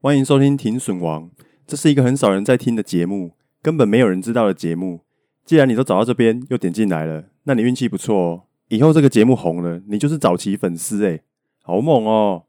歡迎收聽《停損王》，這是一個很少人在聽的節目，根本沒有人知道的節目。既然你都找到這邊，又點進來了，那你運氣不錯哦。以後這個節目紅了，你就是早期粉絲誒。好猛哦！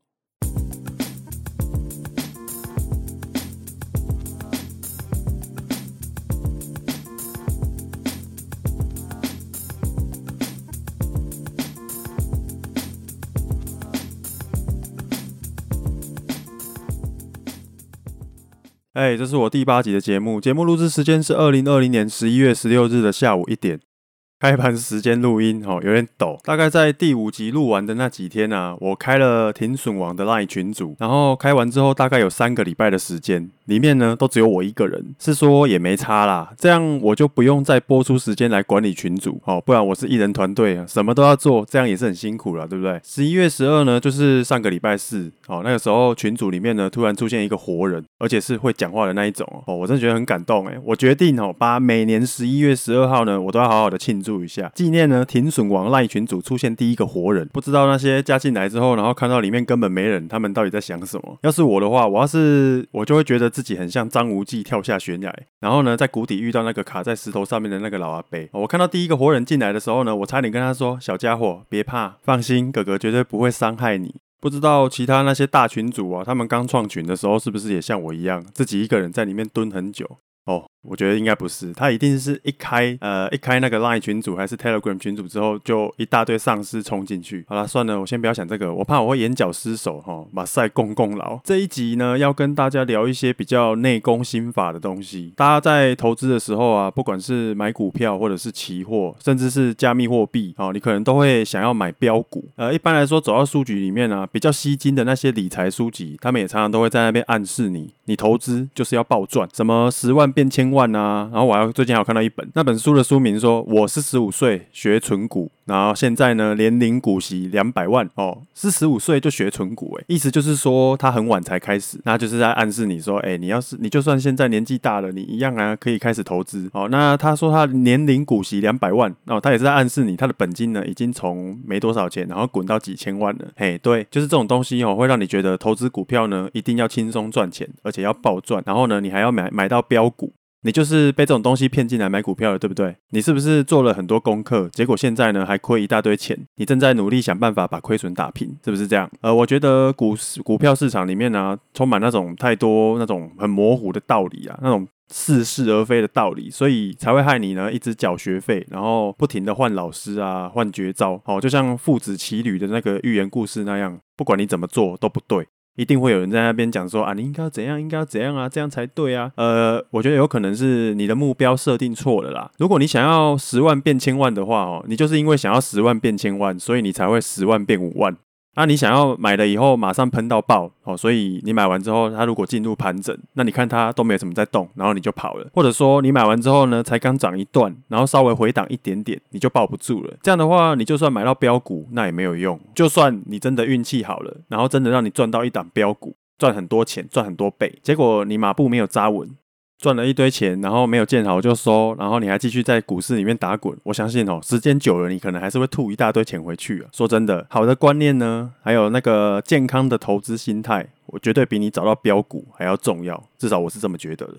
哎、欸，這是我第八集的節目。節目錄製時間是二零二零年十一月十六日的下午一點。開盤時間錄音哦，有點抖。大概在第五集錄完的那幾天呢、啊，我開了停損王的 LINE 群組，然後開完之後大概有三個禮拜的時間，裡面呢都只有我一個人，是說也沒差啦，這樣我就不用再撥出時間來管理群組哦，不然我是一人團隊啊，什麼都要做，這樣也是很辛苦了，對不對？十一月十二呢，就是上個禮拜四哦，那個時候群組裡面呢突然出現一個活人，而且是會講話的那一種哦，我真的覺得很感動哎、欸，我決定哦，把每年十一月十二號呢，我都要好好的慶祝。注一下，紀念呢，停損王 Line 群組出現第一個活人。不知道那些加進來之後，然後看到裡面根本沒人，他們到底在想什麼？要是我的話，我要是，我就會覺得自己很像張無忌跳下懸崖，然後呢，在谷底遇到那個卡在石頭上面的那個老阿伯。哦，我看到第一個活人進來的時候呢，我差點跟他說：“小家伙，別怕，放心，哥哥絕對不會傷害你。”不知道其他那些大群主啊，他們剛創群的時候是不是也像我一樣，自己一個人在裡面蹲很久哦？我覺得應該不是，他一定是一開呃一開那個 Line 群組還是 Telegram 群組之後，就一大堆喪屍衝進去。好了，算了，我先不要想這個，我怕我會眼角失手哈、哦。馬賽共功,功勞這一集呢，要跟大家聊一些比較內功心法的東西。大家在投資的時候啊，不管是買股票或者是期貨，甚至是加密貨幣，哦，你可能都會想要買飆股。呃，一般來說走到書局裡面啊，比較吸金的那些理財書籍，他們也常常都會在那邊暗示你，你投資就是要暴賺，什麼十萬變千。萬啊！然後我還要最近還有看到一本，那本書的書名說，我是四十五歲學存股，然後現在呢年領股息兩百萬哦。是四十五歲就學存股哎、欸，意思就是說他很晚才開始，那就是在暗示你說哎、欸，你要是你就算現在年紀大了，你一樣啊可以開始投資哦。那他說他年領股息兩百萬，哦，他也是在暗示你，他的本金呢已經從沒多少錢，然後滾到幾千萬了。嘿，對，就是這種東西哦，會讓你覺得投資股票呢一定要輕鬆賺錢，而且要暴賺，然後呢你還要買買到飆股。你就是被這種東西騙進來買股票了，對不對？你是不是做了很多功課？結果現在呢還虧一大堆錢？你正在努力想辦法把虧損打平，是不是這樣？呃，我覺得股市股票市場裡面呢、啊，充滿那種太多那種很模糊的道理啊，那種似是而非的道理，所以才會害你呢一直繳學費，然後不停的換老師啊，換絕招。好、哦，就像父子騎驢的那個寓言故事那樣，不管你怎麼做都不對。一定會有人在那邊講說啊，你應該怎樣，應該怎樣啊，這樣才對啊。呃，我覺得有可能是你的目標設定錯了啦。如果你想要十萬變千萬的話哦，你就是因為想要十萬變千萬，所以你才會十萬變五萬。那、啊、你想要買了以後馬上噴到爆哦，所以你買完之後，它如果進入盤整，那你看它都沒有什麼在動，然後你就跑了。或者說你買完之後呢，才剛漲一段，然後稍微回檔一點點，你就抱不住了。這樣的話，你就算買到飆股，那也沒有用。就算你真的運氣好了，然後真的讓你賺到一檔飆股，賺很多錢，賺很多倍，結果你馬步沒有扎穩。賺了一堆錢，然後沒有見好就收，然後你還繼續在股市裡面打滾。我相信哦，時間久了，你可能還是會吐一大堆錢回去啊。說真的，好的觀念呢，還有那個健康的投資心態，我絕對比你找到飆股還要重要。至少我是這麼覺得的。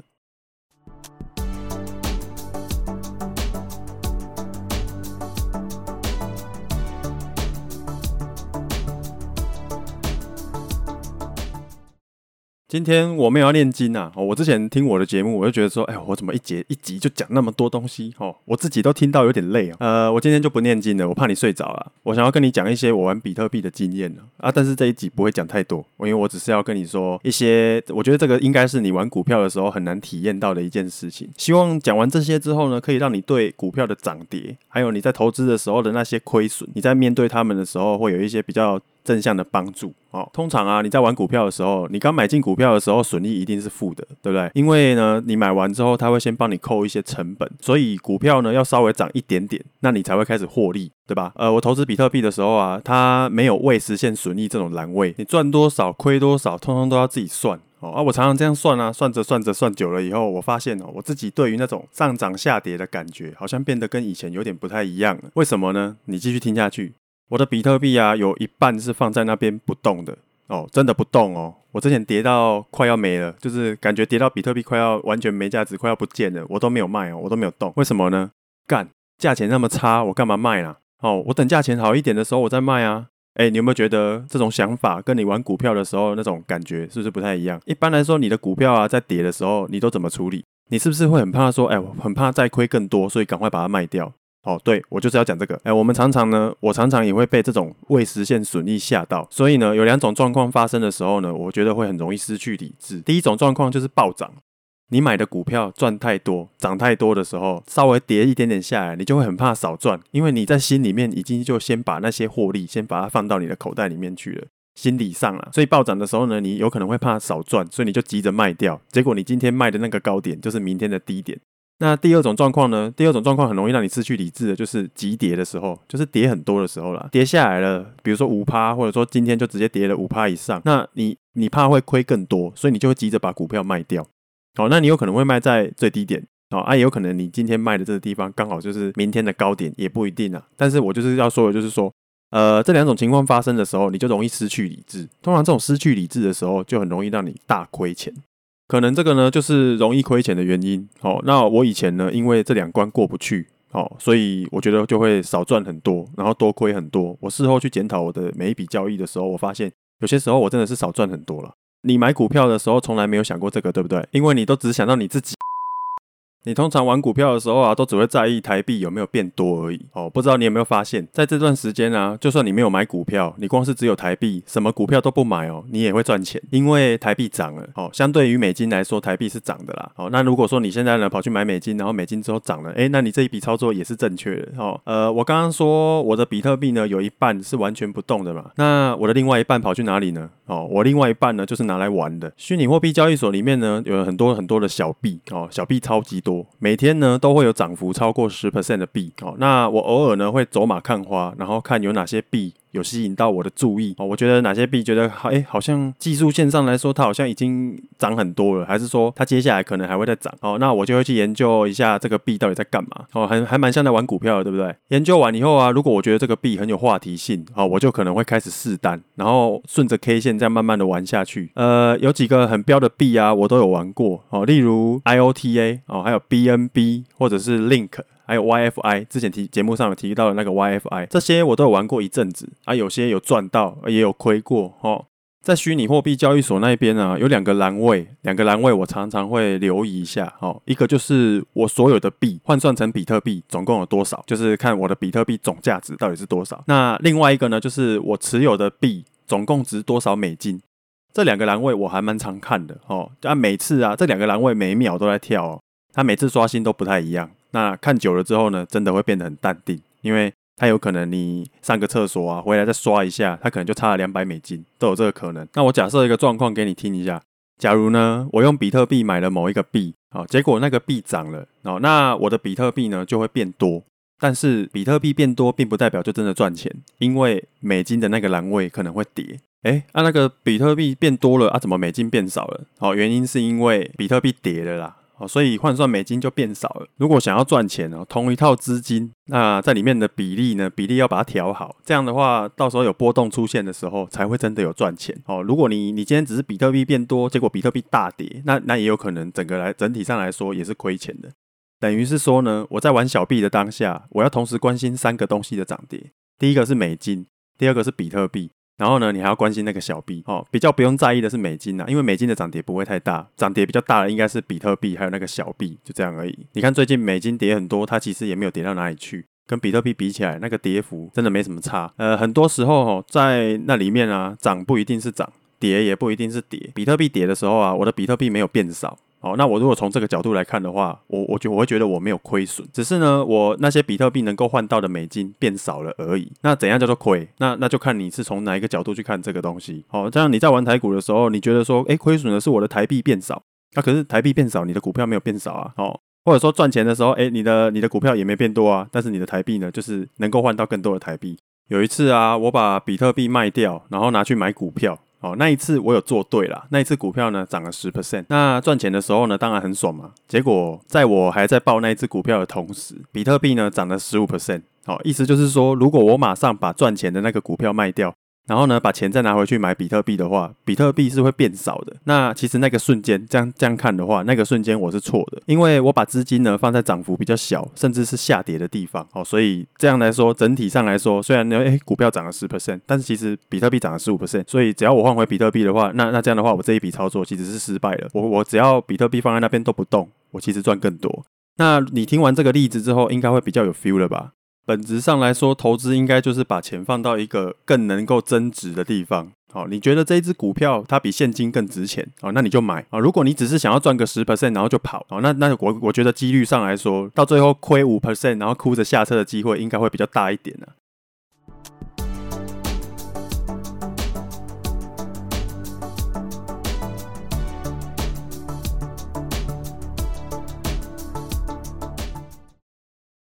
今天我沒有要念經吶，啊哦，我之前聽我的節目，我就覺得說，哎，我怎麼一節一集就講那麼多東西哦，我自己都聽到有點累啊。呃，我今天就不念經了，我怕你睡着了。我想要跟你講一些我玩比特幣的經驗啊，但是這一集不會講太多，我因為我只是要跟你說一些，我覺得這個應該是你玩股票的時候很難體驗到的一件事情。希望講完這些之後呢，可以讓你對股票的漲跌，還有你在投資的時候的那些虧損，你在面對他們的時候會有一些比較正向的幫助哦，通常啊，你在玩股票的時候，你剛買進股票的時候，損益一定是負的，對不對？因為呢，你買完之後，它會先幫你扣一些成本，所以股票呢要稍微漲一點點，那你才會開始獲利，對吧？呃，我投資比特幣的時候啊，它沒有未實現損益這種欄位，你賺多少虧多少，通通都要自己算哦。啊，我常常這樣算啊，算着算着算久了以後，我發現哦，我自己對於那種上漲下跌的感覺，好像變得跟以前有點不太一樣了。為什麼呢？你繼續聽下去。我的比特幣啊，有一半是放在那邊不動的哦，真的不動哦。我之前跌到快要沒了，就是感覺跌到比特幣快要完全沒價值，快要不見了，我都沒有賣哦，我都沒有動。為什麼呢？幹，價錢那麼差，我幹嘛賣啊？哦，我等價錢好一點的時候，我再賣啊。誒，你有沒有覺得這種想法跟你玩股票的時候那種感覺是不是不太一樣？一般來說，你的股票啊在跌的時候，你都怎麼處理？你是不是會很怕說，哎，我很怕再虧更多，所以趕快把它賣掉？哦，對，我就是要講這個。哎，我們常常呢，我常常也會被這種未實現損益嚇到。所以呢，有兩種狀況發生的時候呢，我覺得會很容易失去理智。第一種狀況就是暴漲，你買的股票賺太多，漲太多的時候，稍微跌一點點下來，你就會很怕少賺，因為你在心裡面已經就先把那些獲利先把它放到你的口袋裡面去了，心理上啊。所以暴漲的時候呢，你有可能會怕少賺，所以你就急着賣掉，結果你今天賣的那個高點就是明天的低點。那第二種狀況呢？第二種狀況很容易讓你失去理智的，就是急跌的時候，就是跌很多的時候啦。跌下來了，比如說五趴，或者說今天就直接跌了五趴以上，那你你怕會虧更多，所以你就會急着把股票賣掉。好、哦，那你有可能會賣在最低點，好、哦、啊，也有可能你今天賣的這個地方剛好就是明天的高點，也不一定啊。但是我就是要說的就是說，呃，這兩種情況發生的時候，你就容易失去理智。通常這種失去理智的時候，就很容易讓你大虧錢。可能這個呢，就是容易虧錢的原因。好、哦，那我以前呢，因為這兩關過不去，好、哦，所以我覺得就會少賺很多，然後多虧很多。我事後去檢討我的每一筆交易的時候，我發現有些時候我真的是少賺很多了。你買股票的時候從來沒有想過這個，對不對？因為你都只想到你自己。你通常玩股票的時候啊，都只會在意台幣有沒有變多而已。哦，不知道你有沒有發現，在這段時間啊，就算你沒有買股票，你光是只有台幣，什麼股票都不買哦，你也會賺錢，因為台幣漲了。哦，相對於美金來說，台幣是漲的啦。哦，那如果說你現在呢跑去買美金，然後美金之後漲了，欸，那你這一筆操作也是正確的。哦，呃，我剛剛說我的比特幣呢有一半是完全不動的嘛，那我的另外一半跑去哪裡呢？哦，我另外一半呢就是拿來玩的。虛擬貨幣交易所裡面呢有很多很多的小幣，哦，小幣超級多。每天呢都會有漲幅超過十 percent 的幣，好，那我偶爾呢會走馬看花，然後看有哪些幣，有吸引到我的注意哦，我覺得哪些幣覺得、欸、好像技術線上來說，它好像已經漲很多了，還是說它接下來可能還會再漲哦？那我就會去研究一下這個幣到底在幹嘛哦，還還蠻像在玩股票的，對不對？研究完以後啊，如果我覺得這個幣很有話題性、哦、我就可能會開始試單，然後順着 K 線再慢慢的玩下去。呃，有幾個很標的幣啊，我都有玩過哦，例如 IOTA 哦，還有 BNB 或者是 LINK。還有 YFI，之前提節目上有提到的那個 YFI，這些我都有玩過一陣子啊，有些有賺到，也有虧過。吼、哦，在虛擬貨幣交易所那邊呢，有兩個欄位，兩個欄位我常常會留意一下。哦。一個就是我所有的幣換算成比特幣總共有多少，就是看我的比特幣總價值到底是多少。那另外一個呢，就是我持有的幣總共值多少美金。這兩個欄位我還蠻常看的。哦，啊，每次啊，這兩個欄位每秒都在跳、哦，它每次刷新都不太一樣。那看久了之後呢，真的會變得很淡定，因為它有可能你上個廁所啊，回來再刷一下，它可能就差了兩百美金，都有這個可能。那我假設一個狀況給你聽一下，假如呢，我用比特幣買了某一個幣，好，哦，結果那個幣漲了，哦，那我的比特幣呢就會變多，但是比特幣變多並不代表就真的賺錢，因為美金的那個欄位可能會跌。哎，啊那個比特幣變多了，啊怎麼美金變少了？哦，原因是因為比特幣跌了啦。哦，所以換算美金就變少了。如果想要賺錢呢，哦，同一套資金，那在裡面的比例呢，比例要把它調好。這樣的話，到時候有波動出現的時候，才會真的有賺錢。哦，如果你你今天只是比特幣變多，結果比特幣大跌，那那也有可能整個來整體上來說也是虧錢的。等於是說呢，我在玩小幣的當下，我要同時關心三個東西的漲跌。第一個是美金，第二個是比特幣。然後呢，你還要關心那個小幣，哦，比較不用在意的是美金呐、啊，因為美金的漲跌不會太大，漲跌比較大的應該是比特幣還有那個小幣，就這樣而已。你看最近美金跌很多，它其實也沒有跌到哪裡去，跟比特幣比起來，那個跌幅真的沒什麼差。呃，很多時候哦，在那裡面啊，漲不一定是漲，跌也不一定是跌。比特幣跌的時候啊，我的比特幣沒有變少。好、哦，那我如果從這個角度來看的話，我我覺我會覺得我沒有虧損，只是呢，我那些比特幣能夠換到的美金變少了而已。那怎樣叫做虧？那那就看你是從哪一個角度去看這個東西。好、哦，這樣你在玩台股的時候，你覺得說，誒、欸，虧損的是我的台幣變少，那、啊、可是台幣變少，你的股票沒有變少啊。哦，或者說賺錢的時候，誒、欸，你的你的股票也沒變多啊，但是你的台幣呢，就是能夠換到更多的台幣。有一次啊，我把比特幣賣掉，然後拿去買股票。哦，那一次我有做對啦，那一次股票呢漲了十 percent，那賺錢的時候呢，當然很爽嘛。結果在我還在抱那一隻股票的同時，比特幣呢漲了十五 percent。好、哦，意思就是說，如果我馬上把賺錢的那個股票賣掉，然後呢，把錢再拿回去買比特幣的話，比特幣是會變少的。那其實那個瞬間，這樣這樣看的話，那個瞬間我是錯的，因為我把資金呢放在漲幅比較小，甚至是下跌的地方哦。所以這樣來說，整體上來說，雖然呢，哎股票漲了十 percent，但是其實比特幣漲了十五 percent。所以只要我換回比特幣的話，那那這樣的話，我這一筆操作其實是失敗了。我我只要比特幣放在那邊都不動，我其實賺更多。那你聽完這個例子之後，應該會比較有 feel 了吧？本質上來說，投資應該就是把錢放到一個更能夠增值的地方。好，你覺得這一只股票它比現金更值錢？好，那你就買啊。如果你只是想要賺個十 percent，然後就跑。好，那那我我覺得幾率上來說，到最後虧五 percent，然後哭着下車的機會應該會比較大一點啊。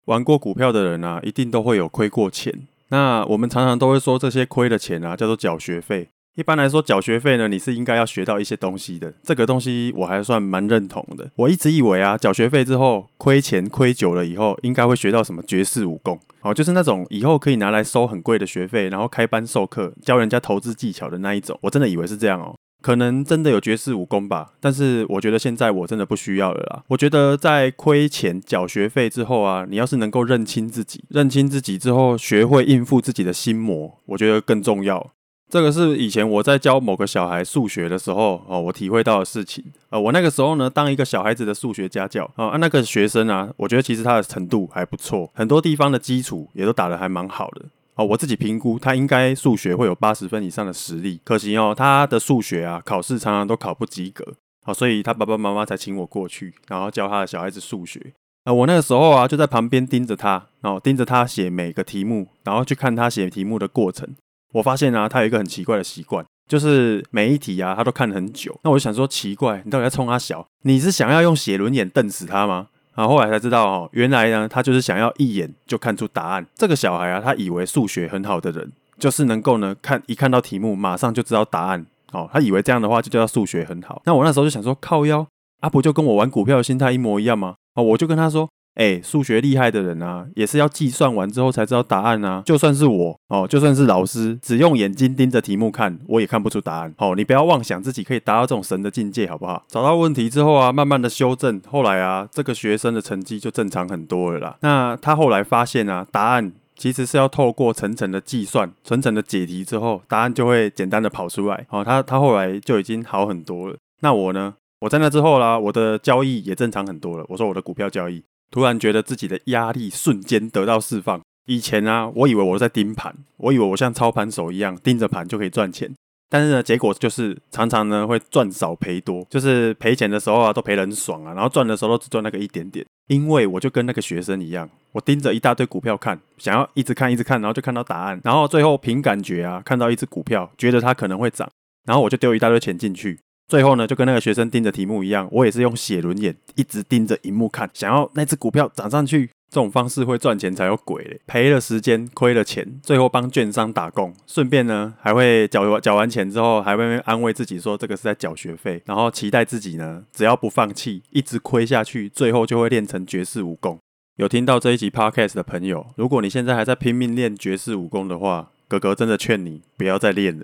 玩過股票的人啊，一定都會有虧過錢。那我們常常都會說，這些虧的錢啊，叫做繳學費。一般來說，繳學費呢，你是應該要學到一些東西的。這個東西我還算蠻認同的。我一直以為啊，繳學費之後虧錢虧久了以後，應該會學到什麼絕世武功哦，就是那種以後可以拿來收很貴的學費，然後開班授課，教人家投資技巧的那一種。我真的以為是這樣哦。可能真的有絕世武功吧，但是我覺得現在我真的不需要了啦。我覺得在虧錢繳學費之後啊，你要是能夠認清自己，認清自己之後學會應付自己的心魔，我覺得更重要。這個是以前我在教某個小孩數學的時候哦，我體會到的事情。呃，我那個時候呢，當一個小孩子的數學家教、哦、啊，那個學生啊，我覺得其實他的程度還不錯，很多地方的基礎也都打得還蠻好的。哦，我自己評估他應該數學會有八十分以上的實力，可惜哦，他的數學啊考試常常都考不及格。好，所以他爸爸媽媽才請我過去，然後教他的小孩子數學。啊、呃，我那個時候啊就在旁邊盯着他，然後盯着他寫每個題目，然後去看他寫題目的過程。我發現啊，他有一個很奇怪的習慣，就是每一題啊他都看很久。那我就想說，奇怪，你到底在衝三小？你是想要用寫輪眼瞪死他嗎？然後後來才知道，哦，原來呢，他就是想要一眼就看出答案。這個小孩啊，他以為數學很好的人，就是能夠呢，看一看到題目，馬上就知道答案。哦，他以為這樣的話就叫數學很好。那我那時候就想說靠腰，靠妖，啊不就跟我玩股票的心態一模一樣嗎？哦，我就跟他說。誒，數學厲害的人啊，也是要計算完之後才知道答案啊。就算是我哦，就算是老師，只用眼睛盯着題目看，我也看不出答案。好，你不要妄想自己可以達到這種神的境界，好不好？找到問題之後啊，慢慢的修正。後來啊，這個學生的成績就正常很多了啦。那他後來發現啊，答案其實是要透過層層的計算、層層的解題之後，答案就會簡單的跑出來。好，他他後來就已經好很多了。那我呢？我在那之後啦，我的交易也正常很多了。我說我的股票交易。突然覺得自己的壓力瞬間得到釋放。以前啊，我以為我在盯盤，我以為我像操盤手一樣盯着盤就可以賺錢。但是呢，結果就是常常呢會賺少賠多，就是賠錢的時候啊都賠人爽啊，然後賺的時候都只賺那個一點點。因為我就跟那個學生一樣，我盯着一大堆股票看，想要一直看一直看，然後就看到答案，然後最後憑感覺啊，看到一隻股票覺得它可能會漲，然後我就丟一大堆錢進去。最後呢，就跟那個學生盯着題目一樣，我也是用寫輪眼一直盯着螢幕看，想要那隻股票漲上去。這種方式會賺錢才有鬼嘞，賠了時間，虧了錢，最後幫券商打工，順便呢還會繳繳完錢之後，還會安慰自己說這個是在繳學費，然後期待自己呢只要不放棄，一直虧下去，最後就會練成絕世武功。有聽到這一集 podcast 的朋友，如果你現在還在拼命練絕世武功的話，哥哥真的勸你不要再練了。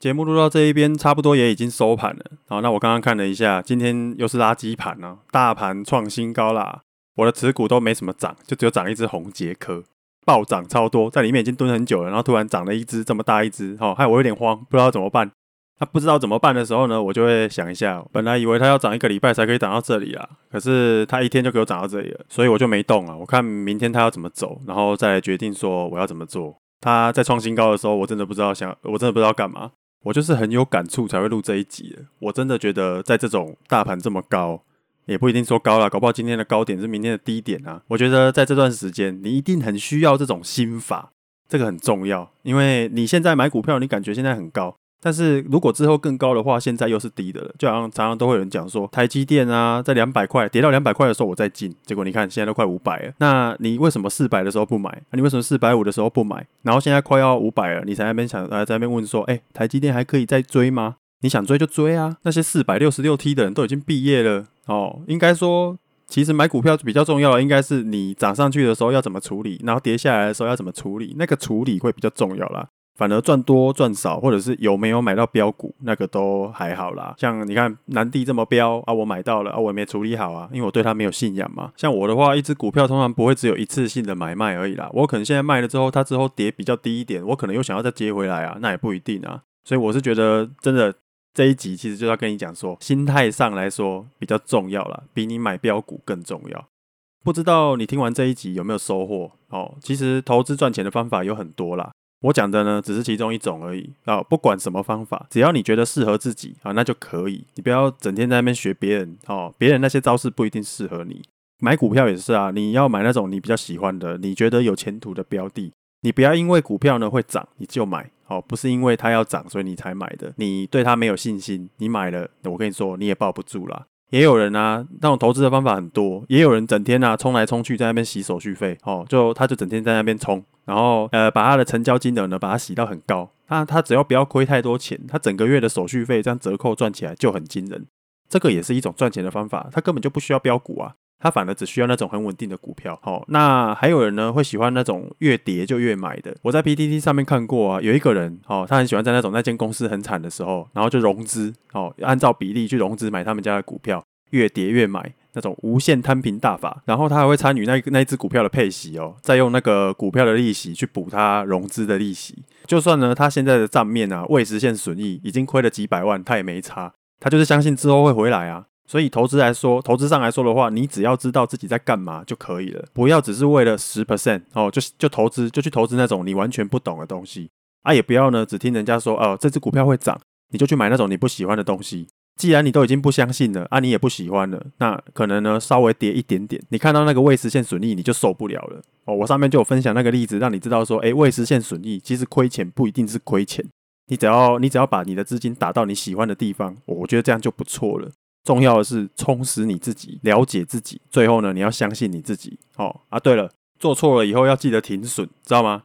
節目錄到這一邊，差不多也已經收盤了。好、哦，那我剛剛看了一下，今天又是垃圾盤呢、啊，大盤創新高啦。我的持股都沒什麼漲，就只有漲一隻宏捷科，暴漲超多，在裡面已經蹲很久了，然後突然漲了一隻這麼大一隻，哈、哦，害我有點慌，不知道怎麼辦。他、啊、不知道怎麼辦的時候呢，我就會想一下，本來以為他要漲一個禮拜才可以漲到這裡啦，可是他一天就給我漲到這裡了，所以我就沒動啊。我看明天他要怎麼走，然後再決定說我要怎麼做。他在創新高的時候，我真的不知道想，我真的不知道要幹嘛。我就是很有感觸才會錄這一集的。我真的覺得，在這種大盤這麼高，也不一定說高啦，搞不好今天的高點是明天的低點啊。我覺得在這段時間，你一定很需要這種心法，這個很重要，因為你現在買股票，你感覺現在很高。但是如果之後更高的話，現在又是低的了。就好像常常都會有人講說，台積電啊，在兩百塊跌到兩百塊的時候，我再進。結果你看，現在都快五百了。那你為什麼四百的時候不買？啊、你為什麼四百五的時候不買？然後現在快要五百了，你才在那邊想呃，在那邊問說，哎、欸，台積電還可以再追嗎？你想追就追啊。那些四百六十六 T 的人都已經畢業了哦。應該說，其實買股票比較重要的，應該是你漲上去的時候要怎麼處理，然後跌下來的時候要怎麼處理，那個處理會比較重要啦。反而賺多賺少，或者是有沒有買到飆股，那個都還好啦。像你看南帝這麼飆啊，我買到了啊，我也沒處理好啊，因為我對他沒有信仰嘛。像我的話，一支股票通常不會只有一次性的買賣而已啦。我可能現在賣了之後，它之後跌比較低一點，我可能又想要再接回來啊，那也不一定啊。所以我是覺得，真的這一集其實就要跟你講說，心態上來說比較重要啦，比你買飆股更重要。不知道你聽完這一集有沒有收穫？哦，其實投資賺錢的方法有很多啦。我講的呢，只是其中一種而已啊、哦。不管什麼方法，只要你覺得適合自己啊、哦，那就可以。你不要整天在那邊學別人哦，別人那些招式不一定適合你。買股票也是啊，你要買那種你比較喜歡的，你覺得有前途的標的。你不要因為股票呢會漲，你就買哦，不是因為它要漲，所以你才買的。你對它沒有信心，你買了，我跟你說，你也抱不住啦。也有人啊，那種投資的方法很多，也有人整天吶、啊、衝來衝去在那邊洗手續費哦，就他就整天在那邊衝，然後呃把他的成交金額呢把它洗到很高，那他，他只要不要虧太多錢，他整個月的手續費這樣折扣賺起來就很驚人，這個也是一種賺錢的方法，他根本就不需要飆股啊。他反而只需要那種很穩定的股票。好、哦，那還有人呢，會喜歡那種越跌就越買的。我在 PTT 上面看過啊，有一個人，哦，他很喜歡在那種那間公司很慘的時候，然後就融資，哦，按照比例去融資買他們家的股票，越跌越買，那種無限攤平大法。然後他還會參與那那一隻股票的配息哦，再用那個股票的利息去補他融資的利息。就算呢，他現在的賬面啊未實現損益已經虧了幾百萬，他也沒差，他就是相信之後會回來啊。所以投資來說，投資上來說的話，你只要知道自己在幹嘛就可以了。不要只是為了十 percent 哦，就就投資就去投資那種你完全不懂的東西啊！也不要呢，只聽人家說哦，這只股票會漲，你就去買那種你不喜歡的東西。既然你都已經不相信了啊，你也不喜歡了，那可能呢稍微跌一點點，你看到那個未實現損益你就受不了了哦。我上面就有分享那個例子，讓你知道說，誒，未實現損益其實虧錢不一定是虧錢，你只要你只要把你的資金打到你喜歡的地方，哦，我覺得這樣就不錯了。重要的是充實你自己，了解自己。最後呢，你要相信你自己。哦啊，對了，做錯了以後要記得停損，知道嗎？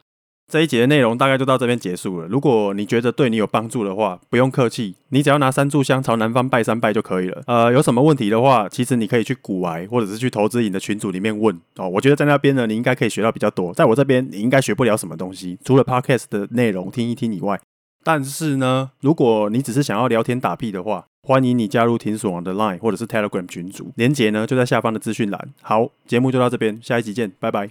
這一節的內容大概就到這邊結束了。如果你覺得對你有幫助的話，不用客氣，你只要拿三炷香朝南方拜三拜就可以了。呃，有什麼問題的話，其實你可以去股癌或者是去投資癮的群組裡面問哦。我覺得在那邊呢，你應該可以學到比較多。在我這邊，你應該學不了什麼東西，除了 podcast 的內容聽一聽以外。但是呢，如果你只是想要聊天打屁的話，歡迎你加入停損王的 LINE 或者是 Telegram 群組，連結呢就在下方的資訊欄。好，節目就到這邊，下一集見，拜拜。